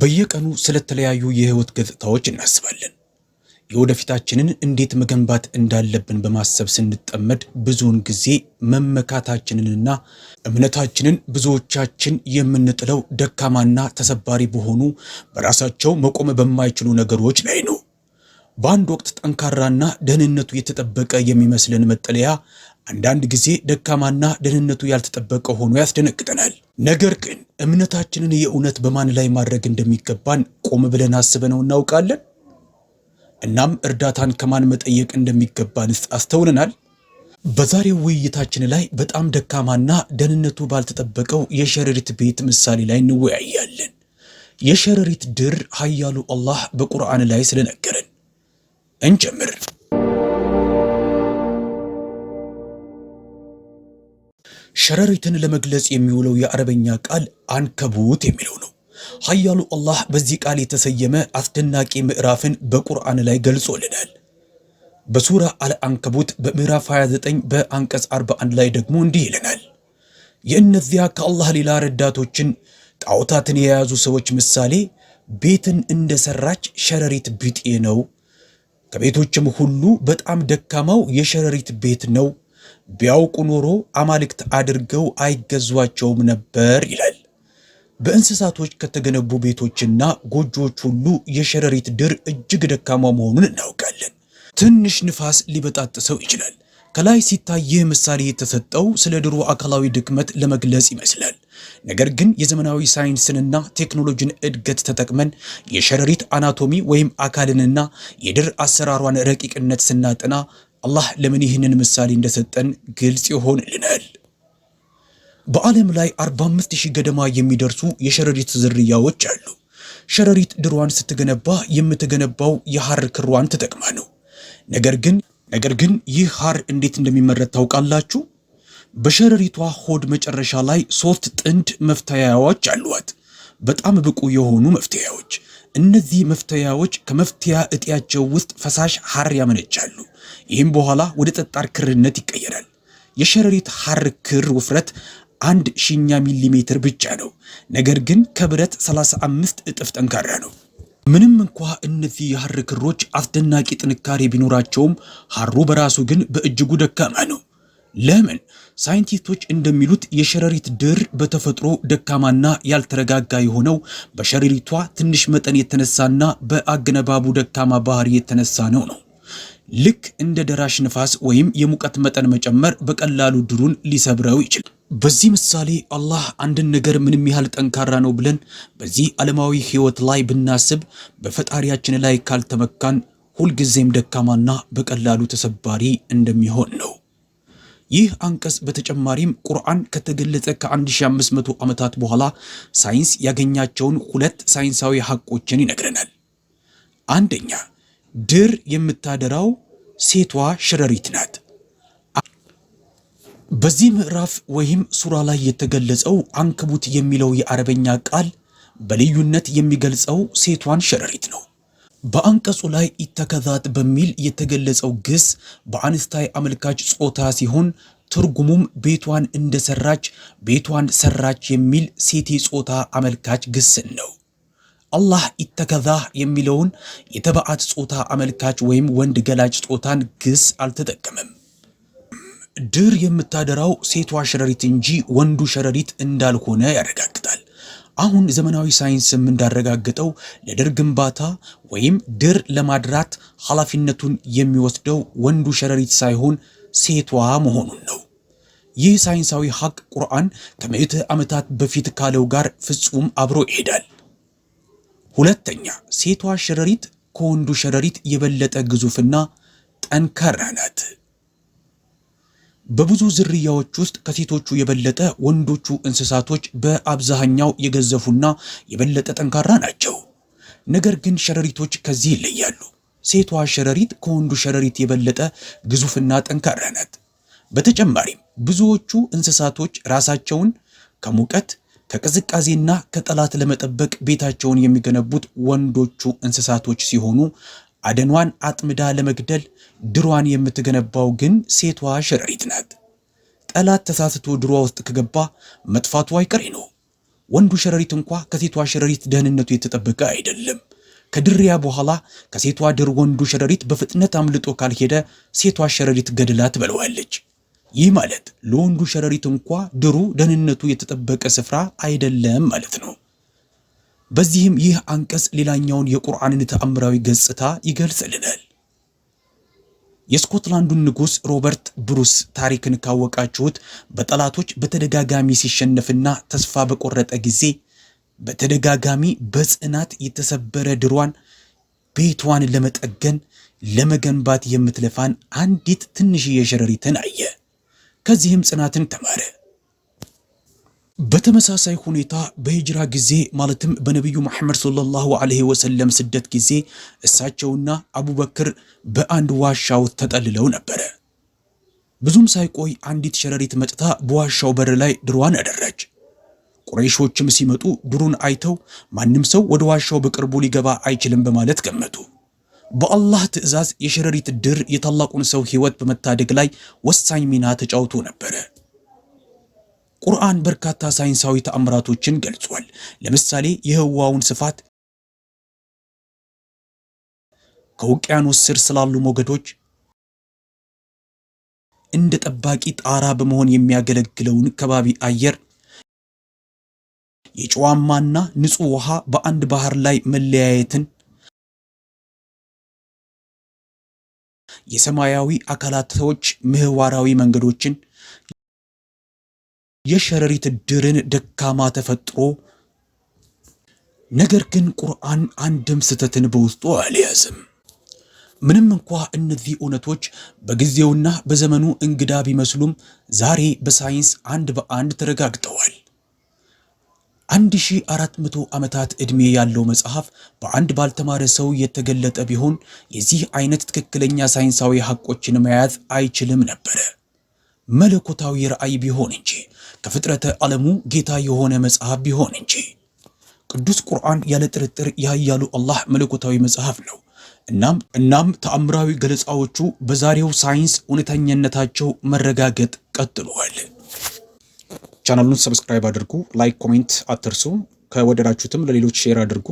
በየቀኑ ስለተለያዩ የህይወት ገጽታዎች እናስባለን። የወደፊታችንን እንዴት መገንባት እንዳለብን በማሰብ ስንጠመድ ብዙውን ጊዜ መመካታችንንና እምነታችንን ብዙዎቻችን የምንጥለው ደካማና ተሰባሪ በሆኑ በራሳቸው መቆም በማይችሉ ነገሮች ላይ ነው። በአንድ ወቅት ጠንካራና ደህንነቱ የተጠበቀ የሚመስልን መጠለያ አንዳንድ ጊዜ ደካማና ደህንነቱ ያልተጠበቀ ሆኖ ያስደነግጠናል። ነገር ግን እምነታችንን የእውነት በማን ላይ ማድረግ እንደሚገባን ቆም ብለን አስበነው እናውቃለን። እናም እርዳታን ከማን መጠየቅ እንደሚገባን አስተውለናል። በዛሬው ውይይታችን ላይ በጣም ደካማና ደህንነቱ ባልተጠበቀው የሸረሪት ቤት ምሳሌ ላይ እንወያያለን። የሸረሪት ድር ኃያሉ አላህ በቁርአን ላይ ስለነገረን እንጀምር። ሸረሪትን ለመግለጽ የሚውለው የአረበኛ ቃል አንከቡት የሚለው ነው። ኃያሉ አላህ በዚህ ቃል የተሰየመ አስደናቂ ምዕራፍን በቁርአን ላይ ገልጾልናል። በሱራ አልአንከቡት በምዕራፍ 29 በአንቀጽ 41 ላይ ደግሞ እንዲህ ይለናል። የእነዚያ ከአላህ ሌላ ረዳቶችን ጣዖታትን የያዙ ሰዎች ምሳሌ ቤትን እንደሰራች ሸረሪት ቢጤ ነው። ከቤቶችም ሁሉ በጣም ደካማው የሸረሪት ቤት ነው። ቢያውቁ ኖሮ አማልክት አድርገው አይገዟቸውም ነበር ይላል። በእንስሳቶች ከተገነቡ ቤቶችና ጎጆዎች ሁሉ የሸረሪት ድር እጅግ ደካማ መሆኑን እናውቃለን። ትንሽ ንፋስ ሊበጣጥሰው ይችላል። ከላይ ሲታይ ይህ ምሳሌ የተሰጠው ስለ ድሮ አካላዊ ድክመት ለመግለጽ ይመስላል። ነገር ግን የዘመናዊ ሳይንስንና ቴክኖሎጂን እድገት ተጠቅመን የሸረሪት አናቶሚ ወይም አካልንና የድር አሰራሯን ረቂቅነት ስናጠና አላህ ለምን ይህንን ምሳሌ እንደሰጠን ግልጽ ይሆንልናል። በዓለም ላይ 45 ሺህ ገደማ የሚደርሱ የሸረሪት ዝርያዎች አሉ። ሸረሪት ድሯን ስትገነባ የምትገነባው የሐር ክሯን ተጠቅማ ነው። ነገር ግን ነገር ግን ይህ ሐር እንዴት እንደሚመረት ታውቃላችሁ? በሸረሪቷ ሆድ መጨረሻ ላይ ሶስት ጥንድ መፍተያዎች አሏት። በጣም ብቁ የሆኑ መፍተያዎች እነዚህ መፍተያዎች ከመፍተያ እጢያቸው ውስጥ ፈሳሽ ሐር ያመነጫሉ። ይህም በኋላ ወደ ጠጣር ክርነት ይቀየራል። የሸረሪት ሐር ክር ውፍረት አንድ ሺኛ ሚሊ ሜትር ብቻ ነው። ነገር ግን ከብረት 35 እጥፍ ጠንካራ ነው። ምንም እንኳ እነዚህ የሐር ክሮች አስደናቂ ጥንካሬ ቢኖራቸውም ሐሩ በራሱ ግን በእጅጉ ደካማ ነው። ለምን? ሳይንቲስቶች እንደሚሉት የሸረሪት ድር በተፈጥሮ ደካማና ያልተረጋጋ የሆነው በሸረሪቷ ትንሽ መጠን የተነሳና በአገነባቡ ደካማ ባህሪ የተነሳ ነው ነው ልክ እንደ ደራሽ ንፋስ ወይም የሙቀት መጠን መጨመር በቀላሉ ድሩን ሊሰብረው ይችላል። በዚህ ምሳሌ አላህ አንድን ነገር ምንም ያህል ጠንካራ ነው ብለን በዚህ ዓለማዊ ሕይወት ላይ ብናስብ በፈጣሪያችን ላይ ካልተመካን ሁልጊዜም ደካማና በቀላሉ ተሰባሪ እንደሚሆን ነው። ይህ አንቀጽ በተጨማሪም ቁርአን ከተገለጸ ከ1500 ዓመታት በኋላ ሳይንስ ያገኛቸውን ሁለት ሳይንሳዊ ሐቆችን ይነግረናል። አንደኛ፣ ድር የምታደራው ሴቷ ሸረሪት ናት። በዚህ ምዕራፍ ወይም ሱራ ላይ የተገለጸው አንክቡት የሚለው የአረበኛ ቃል በልዩነት የሚገልጸው ሴቷን ሸረሪት ነው። በአንቀጹ ላይ ኢተከዛት በሚል የተገለጸው ግስ በአንስታይ አመልካች ጾታ ሲሆን ትርጉሙም ቤቷን እንደሰራች ቤቷን ሰራች የሚል ሴቴ ጾታ አመልካች ግስን ነው። አላህ ኢተከዛህ የሚለውን የተባዕት ጾታ አመልካች ወይም ወንድ ገላጭ ጾታን ግስ አልተጠቀመም። ድር የምታደራው ሴቷ ሸረሪት እንጂ ወንዱ ሸረሪት እንዳልሆነ ያረጋግጣል። አሁን ዘመናዊ ሳይንስም እንዳረጋገጠው ለድር ግንባታ ወይም ድር ለማድራት ኃላፊነቱን የሚወስደው ወንዱ ሸረሪት ሳይሆን ሴቷ መሆኑን ነው። ይህ ሳይንሳዊ ሀቅ ቁርአን ከምዕተ ዓመታት በፊት ካለው ጋር ፍጹም አብሮ ይሄዳል። ሁለተኛ፣ ሴቷ ሸረሪት ከወንዱ ሸረሪት የበለጠ ግዙፍና ጠንካራ ናት። በብዙ ዝርያዎች ውስጥ ከሴቶቹ የበለጠ ወንዶቹ እንስሳቶች በአብዛኛው የገዘፉና የበለጠ ጠንካራ ናቸው። ነገር ግን ሸረሪቶች ከዚህ ይለያሉ። ሴቷ ሸረሪት ከወንዱ ሸረሪት የበለጠ ግዙፍና ጠንካራ ናት። በተጨማሪም ብዙዎቹ እንስሳቶች ራሳቸውን ከሙቀት ከቅዝቃዜና ከጠላት ለመጠበቅ ቤታቸውን የሚገነቡት ወንዶቹ እንስሳቶች ሲሆኑ አደኗን አጥምዳ ለመግደል ድሯን የምትገነባው ግን ሴቷ ሸረሪት ናት። ጠላት ተሳስቶ ድሯ ውስጥ ከገባ መጥፋቱ አይቀሬ ነው። ወንዱ ሸረሪት እንኳ ከሴቷ ሸረሪት ደህንነቱ የተጠበቀ አይደለም። ከድሪያ በኋላ ከሴቷ ድር ወንዱ ሸረሪት በፍጥነት አምልጦ ካልሄደ ሴቷ ሸረሪት ገድላ ትበለዋለች። ይህ ማለት ለወንዱ ሸረሪት እንኳ ድሩ ደህንነቱ የተጠበቀ ስፍራ አይደለም ማለት ነው። በዚህም ይህ አንቀጽ ሌላኛውን የቁርአንን ተአምራዊ ገጽታ ይገልጽልናል። የስኮትላንዱን ንጉሥ ሮበርት ብሩስ ታሪክን ካወቃችሁት በጠላቶች በተደጋጋሚ ሲሸነፍና ተስፋ በቆረጠ ጊዜ በተደጋጋሚ በጽናት የተሰበረ ድሯን ቤቷን ለመጠገን ለመገንባት የምትለፋን አንዲት ትንሽዬ ሸረሪትን አየ። ከዚህም ጽናትን ተማረ። በተመሳሳይ ሁኔታ በሂጅራ ጊዜ ማለትም በነቢዩ መሐመድ ሰለላሁ ዐለይሂ ወሰለም ስደት ጊዜ እሳቸውና አቡበክር በአንድ ዋሻው ተጠልለው ነበረ። ብዙም ሳይቆይ አንዲት ሸረሪት መጥታ በዋሻው በር ላይ ድሯን አደረች። ቁረይሾችም ሲመጡ ድሩን አይተው ማንም ሰው ወደ ዋሻው በቅርቡ ሊገባ አይችልም በማለት ገመቱ። በአላህ ትዕዛዝ የሸረሪት ድር የታላቁን ሰው ሕይወት በመታደግ ላይ ወሳኝ ሚና ተጫውቶ ነበረ። ቁርአን በርካታ ሳይንሳዊ ተአምራቶችን ገልጿል። ለምሳሌ የህዋውን ስፋት ከውቅያኖስ ስር ስላሉ ሞገዶች እንደ ጠባቂ ጣራ በመሆን የሚያገለግለውን ከባቢ አየር የጨዋማና ንጹህ ውሃ በአንድ ባህር ላይ መለያየትን የሰማያዊ አካላቶች ምህዋራዊ መንገዶችን የሸረሪት ድርን ደካማ ተፈጥሮ ነገር ግን ቁርአን አንድም ስህተትን በውስጡ አልያዝም። ምንም እንኳ እነዚህ እውነቶች በጊዜውና በዘመኑ እንግዳ ቢመስሉም ዛሬ በሳይንስ አንድ በአንድ ተረጋግጠዋል። 1400 ዓመታት ዕድሜ ያለው መጽሐፍ በአንድ ባልተማረ ሰው የተገለጠ ቢሆን የዚህ አይነት ትክክለኛ ሳይንሳዊ ሐቆችን መያዝ አይችልም ነበረ፣ መለኮታዊ ራእይ ቢሆን እንጂ ከፍጥረተ ዓለሙ ጌታ የሆነ መጽሐፍ ቢሆን እንጂ ቅዱስ ቁርአን ያለ ጥርጥር የኃያሉ አላህ መለኮታዊ መጽሐፍ ነው። እናም እናም ተአምራዊ ገለጻዎቹ በዛሬው ሳይንስ እውነተኛነታቸው መረጋገጥ ቀጥሏል። ቻናሉን ሰብስክራይብ አድርጉ፣ ላይክ ኮሜንት አትርሱ። ከወደዳችሁትም ለሌሎች ሼር አድርጉ።